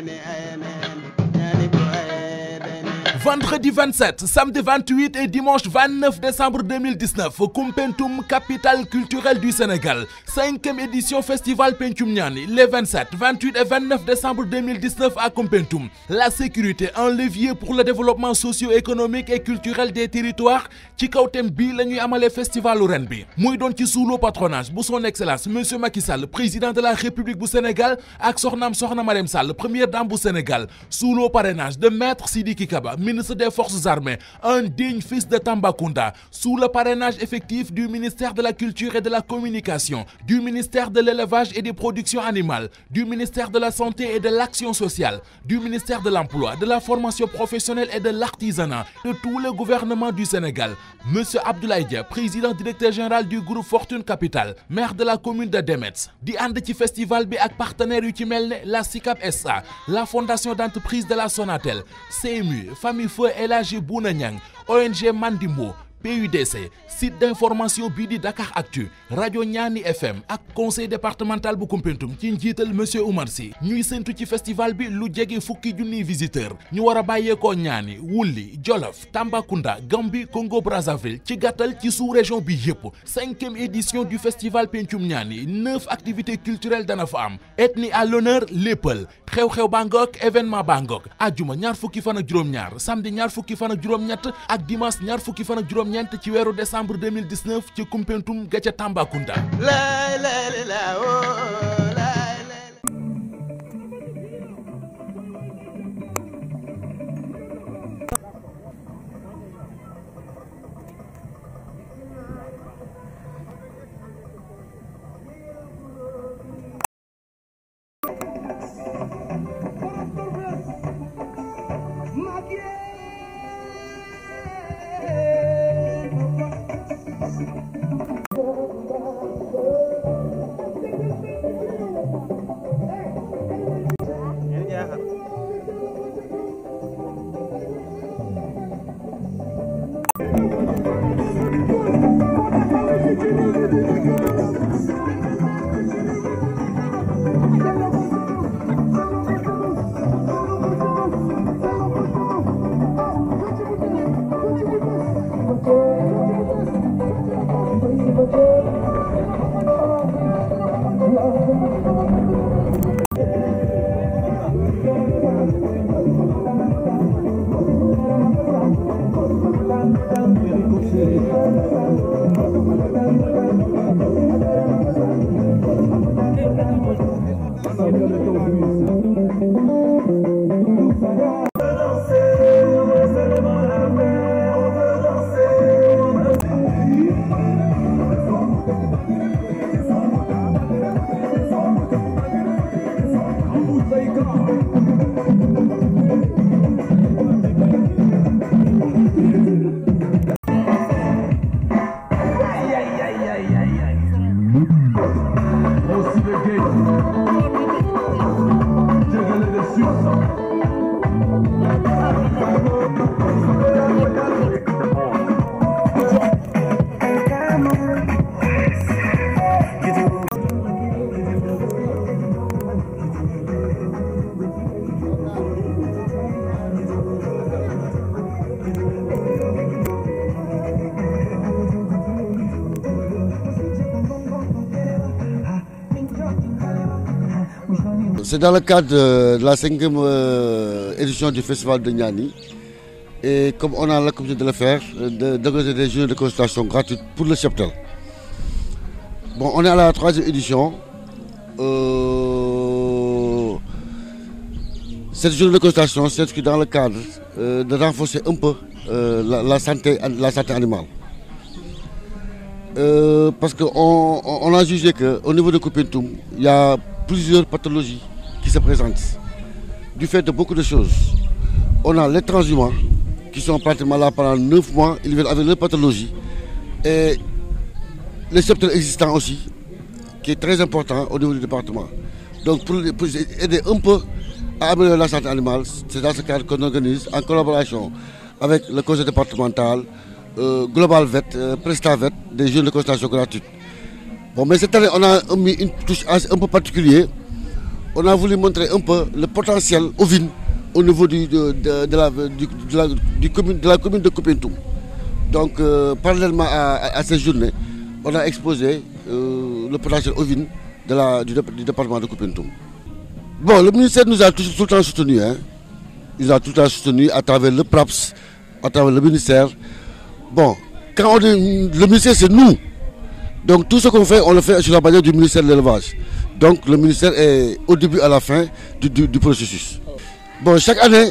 ne ayane vendredi 27 samedi 28 et dimanche 29 décembre 2019 Kumpentoum capitale culturelle du Sénégal cinquième édition festival Pencum les 27 28 et 29 décembre 2019 à Kumpentoum la sécurité un levier pour le développement socio-économique et culturel des territoires ci la nuit festivalu ren bi sous le patronage bu son excellence monsieur Macky Sall président de la république du Sénégal ak soxnaam soxna Sall première dame du Sénégal sous le parrainage de maître Sidiki Kaba des forces armées un digne fils de Tambacounda sous le parrainage effectif du ministère de la culture et de la communication du ministère de l'élevage et des productions animales du ministère de la santé et de l'action sociale du ministère de l'emploi de la formation professionnelle et de l'artisanat de tout le gouvernement du Sénégal monsieur Abdoulaye Dia président directeur général du groupe Fortune Capital maire de la commune de Demetz di Andeti festival bi partenaire partenaires yu la SICAP SA la fondation d'entreprise de la Sonatel CMU famille Khalifa El Hadji Bouna Niang ONG Mandimbo PUDC site d'information BIDI Dakar Actu Radio NYANI FM ak conseil départemental bu Pentum, ci monsieur Oumar Sy ñuy ci festival bi lu Fuki fukki visiteur ñu war a bàyyeekoo Ñaani Wulli Jolof Tambacounda Gambie Congo Brazzaville ci gàttal ci sous-région bi cinquième édition du festival pentum Nyani, neuf activités culturelles dana fa am ethnie à l'honneur l'Epel. xew-xew Bangok événement Bangok ajjuma ñaar fukki fan ak ñaar samedi ñaar fukki fan dimanche ñaar fukki juróom ci weeru décembre 2019 ci Koumpentoum ga ca Tambacounda. Oh. Thank you. C'est dans le cadre euh, de la cinquième euh, édition du Festival de Niani. Et comme on a l'occasion de le faire, euh, de de, des journées de consultation gratuites pour le cheptel. Bon, on est à la troisième édition. cette journée de consultation s'inscrit dans le cadre de renforcer un peu la, santé, la santé animale. parce qu'on a jugé qu'au niveau de Coupentum, il y a plusieurs pathologies se présente Du fait de beaucoup de choses, on a les transhumants qui sont pratiquement là pendant 9 mois, ils viennent avec leur pathologie. Et les secteur existants aussi, qui est très important au niveau du département. Donc pour, aider un peu à améliorer la santé animale, c'est dans ce cadre qu'on organise en collaboration avec le conseil départemental, euh, Global Vet, euh, Prestavet, des jeunes de constatation gratuite. Bon, mais cette année, on a mis une touche un peu particulière on a voulu montrer un peu le potentiel ovine au niveau de, la, commune, de la Donc, euh, parallèlement à, ces journées, on a exposé euh, le potentiel ovine de du, département de Copentum. Bon, le ministère nous a tout, le temps soutenus. Hein. Il nous a tout le temps soutenu à travers le PRAPS, à travers le ministère. Bon, quand on le ministère, c'est nous. Donc, tout ce qu'on fait, on le fait sur la bannière du ministère de l'élevage. Donc le ministère est au début à la fin du, processus. Bon, chaque année,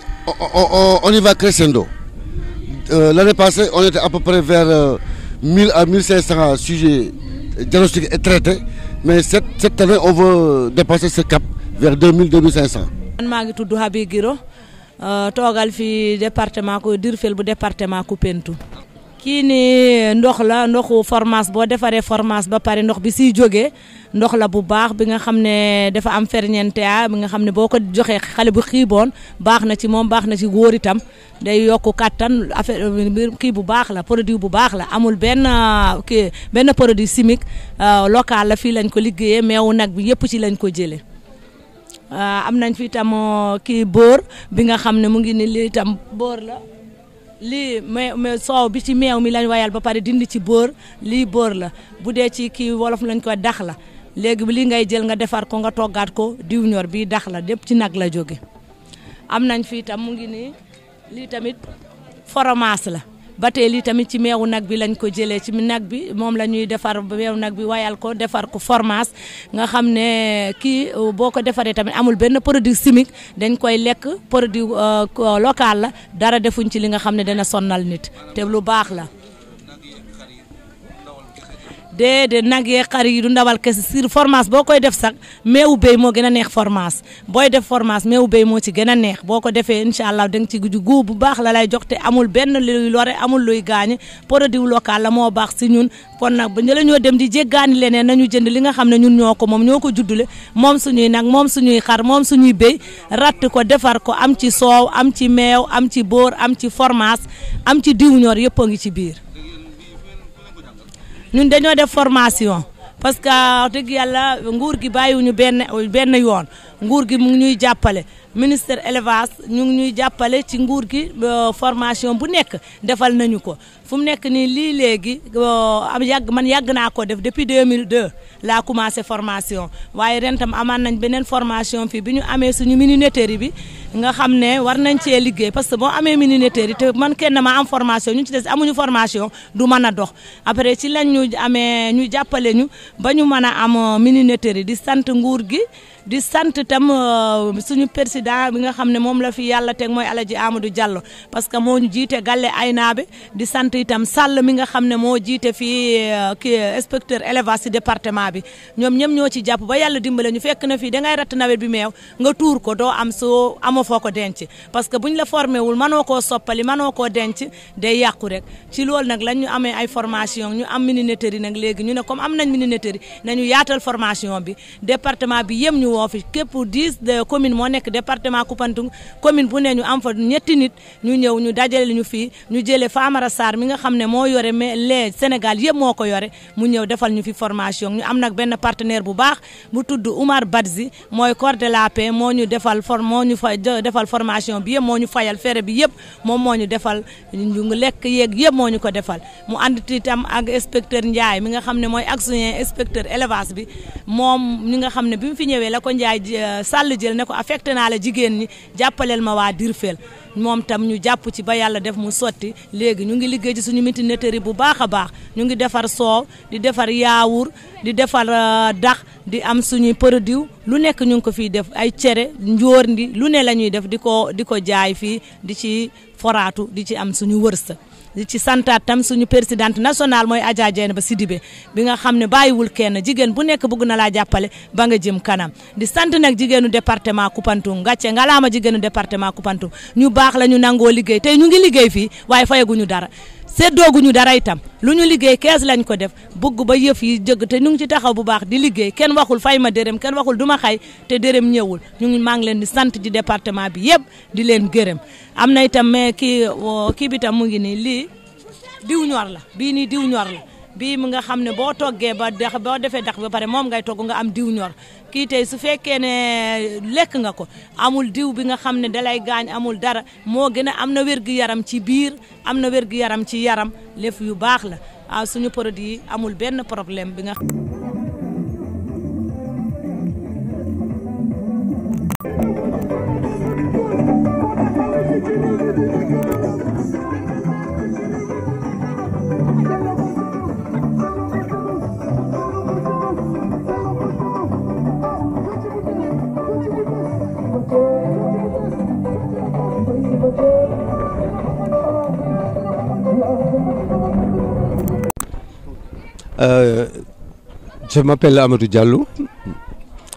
on, y va crescendo. Euh, l'année passée, on était à peu près vers 1000 euh, à 1500 sujets diagnostiqués et traités. Mais cette, année, on veut dépasser ce cap vers 2000-2500. Je suis département, département kini ni ndox la ndoxu formas boo defaree formas ba pare ndox bi si jógee ndox la bu baax bi nga xam ne dafa am ferñente a ah, bi nga xam ne boo xale bu xiiboon baax na ci moom baax na ci góor itam day yokk kàttan affaire kii bu baax la produit bu baax la amul ben ah, kii benn produit chimique ah, local la fii lañ ko liggéeyee meewu nag bi yépp ci lañ ko jëlee am nañ fi itam kii boor bi nga xam mu ngi ni li la lii mais soow bi ci meew mi lay wayal ba pare dindi ci bóor lii bóor la bu dee ci kii wolof lañ ko dax la léegi bi li ngay jël nga defar ko nga toggaat ko diw ñor bii dax la lépp ci nag la jóge am nañ fii tam mu ngi nii lii tamit fromage la bateel yi tamit ci meewu nag bi lañ ko jëlee ci nag bi moom la ñuy defar meewu nag bi wayal ko defar ko fromage nga xam ne kii euh, boo ko defaree tamit amul benn produit chimique dañ koy lekk produit euh, local la dara defuñ ci li nga xam ne dana sonnal nit te lu baax la déedéet nag yee xar yi du ndawal kese sur fromage boo koy def sax meewu béy moo gën a neex fromage booy def fromage meewu béy moo ci gën a neex boo ko defee incha allah da nga ci guju bu baax la joxte amul benn luy lore amul luy gaañe produit local la moo baax si ñun kon nag ba njëla ñoo dem di jéggaani leneen na ñu jënd li nga xam ne ñun ñoo ko moom ñoo ko juddule moom suñuy nag moom suñuy xar moom suñuy béy ratt ko defar ko am ci soow am ci meew am ci boor am ci fromage am ci diw yëpp ngi ci biir ñun dañoo def formation parce que wax dëgg yàlla nguur gi bàyyiwuñu benn benn yoon nguur gi mu ñuy jàppale ministère élevage ñu ñuy jàppale ci nguur gi euh, formation bu nekk defal nañu ko fu mu nekk nii lii léegi euh, am yàgg man yàgg naa ko def depuis 2002 laa commencé formation waaye ren tam amaan nañ beneen formation fii bi ñu amee suñu mini neteeri bi nga xam ne war nañ cee liggéey parce que boo amee minoritaire yi te man kenn ma am formation ñu ci des amuñu formation du mën a dox après ci lañ ñu amee ñu jàppale ñu ba ñu mën a am minoritaire yi di sant nguur gi di sant tam euh, suñu président bi nga xam ne moom la fi yàlla teg mooy Alaji Amadou Diallo parce que moo ñu jiite Galle Aynaabe di sant itam Sall mi nga xam ne moo jiite fii euh, kii euh, inspecteur élevage si département bi ñoom ñoom ñoo ci jàpp ba yàlla dimbale ñu fekk na fii dangay ratt nawet bi meew nga tuur ko doo am soo amoo foo ko denc parce que bu ñu la formé wul mënoo koo soppali mënoo koo denc day yàqu rek ci loolu nag lañ ñu amee ay formation ñu am minineterie nag léegi ñu ne comme am nañ minineterie nañu yaatal formation bi département bi yem ñu woo fi képp dix commune moo nekk département Koupantoum commune bu ne ñu am fa ñetti nit ñu ñëw ñu dajale ñu fii ñu jëlee Famara Sarr mi nga xam ne moo yore mais les Sénégal yëpp moo ko yore mu ñëw defal ñu fi formation ñu am nag benn partenaire bu baax bu tudd defal formation bi yëpp moo ñu fayal fere bi yëpp moom moo ñu defal ñu ngi lekk yeeg yëpp moo ñu ko defal mu ànd itam ak inspecteur Ndiaye mi nga xam ne mooy actionnaire inspecteur élevage bi moom ñi nga xam ne bi mu fi ñëwee la ko Ndiaye euh, sàll jël ne ko affecté naa la jigéen ñi jàppaleel ma waa Dirfel moom tam ñu jàpp ci ba yàlla def mu sotti léegi ñu ngi liggéey ci suñu mutineterie bu baax a baax ñu ngi defar soow di defar yaawur di defar euh, dax di am suñuy produit lu nekk ñu ngi ko fiy def ay cere njóor ndi lu ne la ñuy def di ko di ko jaay fii di ci foraatu di ci am suñu wërsë di ci santaat tam suñu présidente national mooy Adja Dieynaba Sidibé bi nga xam ne bàyyiwul kenn jigéen bu nekk bëgg na laa jàppale ba nga jëm kanam di sant nag jigéenu département Koupantoum ngàcce ngalaama jigéenu département Koupantoum ñu baax la ñu nangoo liggéey tey ñu ngi liggéey fii waaye fayaguñu dara séddooguñu dara itam lu ñu liggéey kees lañ ko def bugg ba yëf yi jëgg te ñu ngi ci taxaw bu baax di liggéey kenn waxul fay ma dërëm kenn waxul du ma xay te dërëm ñëwul ñu ngi maa ngi leen di sant ci département bi yëpp di leen gërëm am na itam mais kii kii bi tam mu ngi nii lii diw ñor la bii nii diw ñor la bii mu nga xam ne boo toggee ba dex boo defee dex ba pare moom ngay togg nga am diw ñor kii tey su fekkee ne lekk nga ko amul diw bi nga xam ne dalay gaañ amul dara moo gën ne am na wér-gu-yaram ci biir am na wér yaram ci yaram lépp yu baax la ah, suñu produit yi amul benn problème bi nga xam Euh, je m'appelle Amadou Diallo.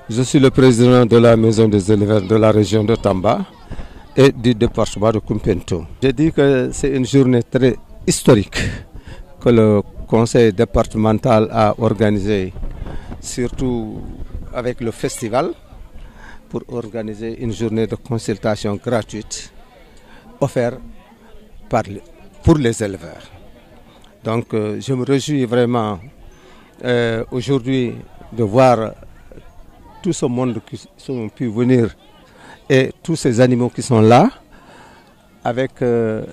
Je suis le président de la maison des éleveurs de la région de Tamba et du département de Kumpento. J'ai dit que c'est une journée très historique que le conseil départemental a organisée, surtout avec le festival, pour organiser une journée de consultation gratuite offerte pour les éleveurs. Donc euh, je me réjouis vraiment euh, aujourd'hui de voir tout ce monde qui sont pu venir et tous ces animaux qui sont là avec euh,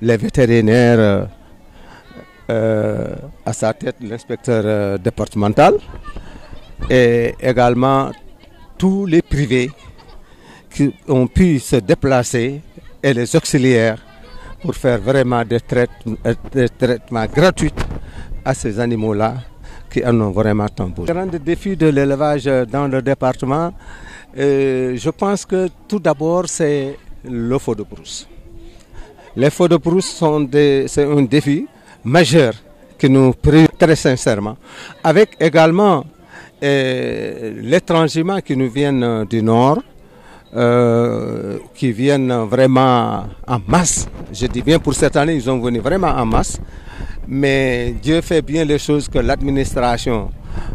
les vétérinaires à sa tête l'inspecteur départemental et également tous les privés qui ont pu se déplacer et les auxiliaires pour faire vraiment euh, des traitements, gratuits à ces animaux-là qui en ont vraiment tant besoin. Le grand défi de l'élevage dans le département, euh, je pense que tout d'abord, c'est le faux de brousse. Les faux de brousse sont c'est un défi majeur qui nous prie très sincèrement, avec également euh, l'étranglement qui nous vient du nord, euh, qui viennent vraiment en masse. Je dis bien pour cette année, ils ont venu vraiment en masse. Mais Dieu fait bien les choses que l'administration,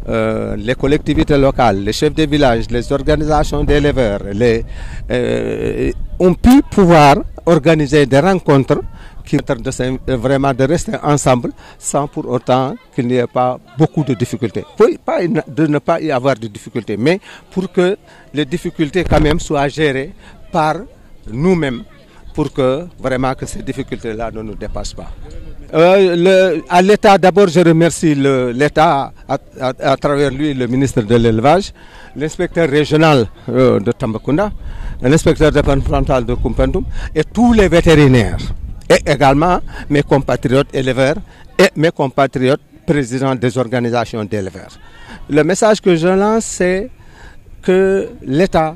euh, les collectivités locales, les chefs de village, les organisations d'éleveurs les, euh, ont pu pouvoir organiser des rencontres qui permettent euh, vraiment de rester ensemble sans pour autant qu'il n'y ait pas beaucoup de difficultés. de ne pas y avoir de difficultés, mais pour que les difficultés quand même soient gérées par nous-mêmes pour que vraiment que ces difficultés-là ne nous dépassent pas. Euh, à l'État, d'abord, je remercie l'État, à, travers lui, le ministre de l'Élevage, l'inspecteur régional euh, de Tambacounda, l'inspecteur départemental de Kumpendum et tous les vétérinaires et également mes compatriotes éleveurs et mes compatriotes présidents des organisations d'éleveurs. Le message que je lance, c'est que l'État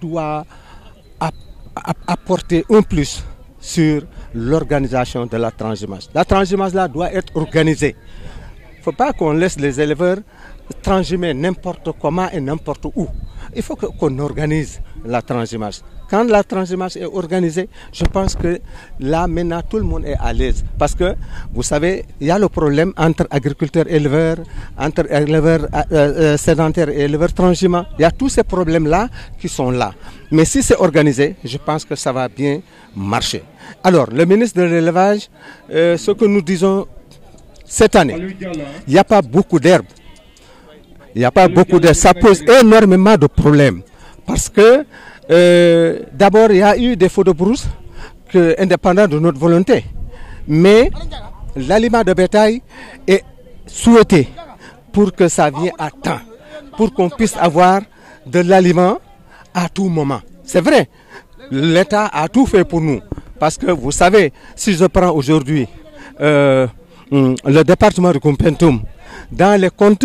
doit apporter un plus sur l'organisation de la transhumance. La transhumance là doit être organisée. Il ne faut pas qu'on laisse les éleveurs transhumer n'importe comment et n'importe où. Il faut qu'on organise la transhumance. Quand la transhumance est organisée, je pense que là, maintenant, tout le monde est à l'aise. Parce que, vous savez, il y a le problème entre agriculteurs et éleveurs, entre éleveurs euh, euh, sédentaires et éleveurs transhumants. Il y a tous ces problèmes-là qui sont là. Mais si c'est organisé, je pense que ça va bien marcher. Alors, le ministre de l'élevage, euh, ce que nous disons cette année, il n'y a pas beaucoup d'herbes. Il n'y a pas beaucoup de... Ça pose énormément de problèmes. Parce que, euh, d'abord, il y a eu des faux de brousse que, indépendants de notre volonté. Mais l'aliment de bétail est souhaité pour que ça vienne à temps, pour qu'on puisse avoir de l'aliment à tout moment. C'est vrai, l'État a tout fait pour nous. Parce que vous savez, si je prends aujourd'hui euh, hum, le département de Kumpentum, dans les comptes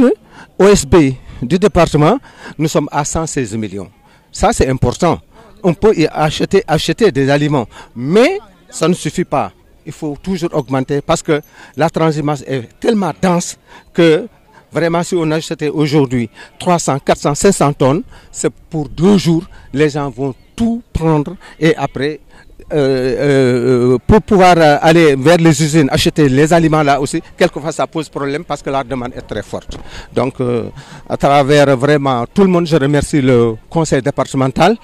OSB du département, nous sommes à 116 millions. Ça, c'est important. On peut y acheter, acheter des aliments, mais ça ne suffit pas. Il faut toujours augmenter parce que la transhumance est tellement dense que vraiment, si on achetait aujourd'hui 300, 400, 500 tonnes, c'est pour deux jours, les gens vont tout prendre et après, euh, euh, pour pouvoir euh, aller vers les usines, acheter les aliments là aussi, quelquefois ça pose problème parce que la demande est très forte. Donc, à travers vraiment tout le monde, je remercie le conseil départemental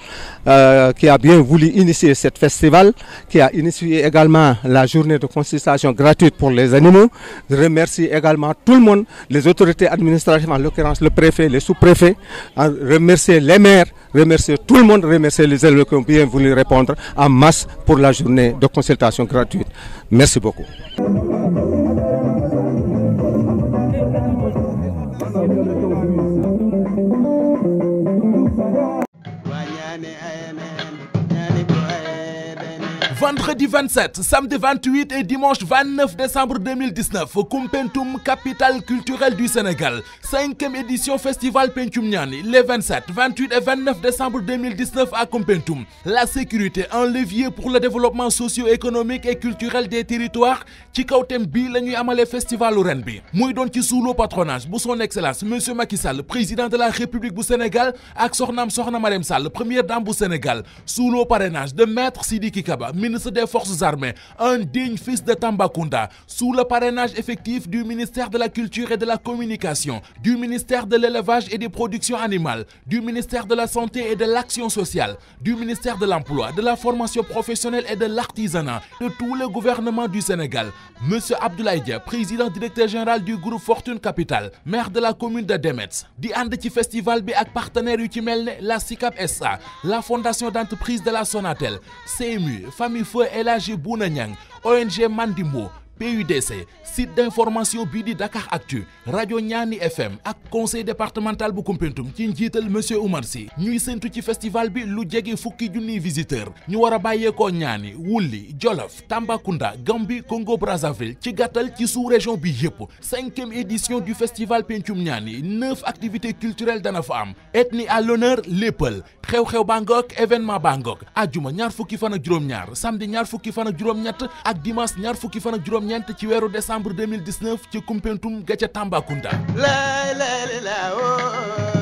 qui a bien voulu initier ce festival, qui a initié également la journée de consultation gratuite pour les animaux. Je remercie également tout le monde, les autorités administratives, en l'occurrence le préfet, les sous-préfets, remercier les maires remercier tout le monde, remercier les élèves qui ont bien voulu répondre en masse pour la journée de consultation gratuite. Merci beaucoup. mercredi 27 samedi 28 et dimanche 29 décembre 2019 Kumpentum, capitale culturelle du Sénégal cinquième édition festival Pentumniani. les 27 28 et 29 décembre 2019 à Kumpentum. la sécurité un levier pour le développement socio-économique et culturel des territoires ci la nuit festivalu ren bi sous le patronage bu son excellence monsieur Macky Sall président de la République du Sénégal ak Sornam soxna Sall première dame du Sénégal sous le parrainage de maître Sidi Kikaba, ministre forces armées, un digne fils de Tambacounda, sous le parrainage effectif du ministère de la Culture et de la Communication, du ministère de l'Élevage et des Productions Animales, du ministère de la Santé et de l'Action Sociale, du ministère de l'Emploi, de la Formation Professionnelle et de l'Artisanat, de tout le gouvernement du Sénégal. Monsieur Abdoulaye président directeur général du groupe Fortune Capital, maire de la commune de Demets, di Andeti festival B partenaire partenaires la SICAP SA, la Fondation d'entreprise de la Sonatel, CMU, Famille Feu El Hadji Bouna Niang ONG Mandimbo PUDC site d'information Bidi Dakar Actu Radio Nyani FM ak conseil départemental bu Koumpentoum ci monsieur Oumarsi. Sy ñuy festival bi lu jege fukki visiteur ñu wara a ko Ñaani Wulli Jolof Tambacounda Gambie Congo Brazzaville ci gàttal ci sous-région bi 5 cinquième édition du festival Pentium Nyani. neuf activités culturelles dana fa am ethnie à l'honneur Lepel, xew-xew Bangok événement Bangok Adjuma ñaar fukki fan ak ñaar samedi ñaar fukki fan ak juróom ak dimanche ñaar fukki ñeent ci weeru décembre 2019 ci Koumpentoum ga ca Tambacounda. Oh.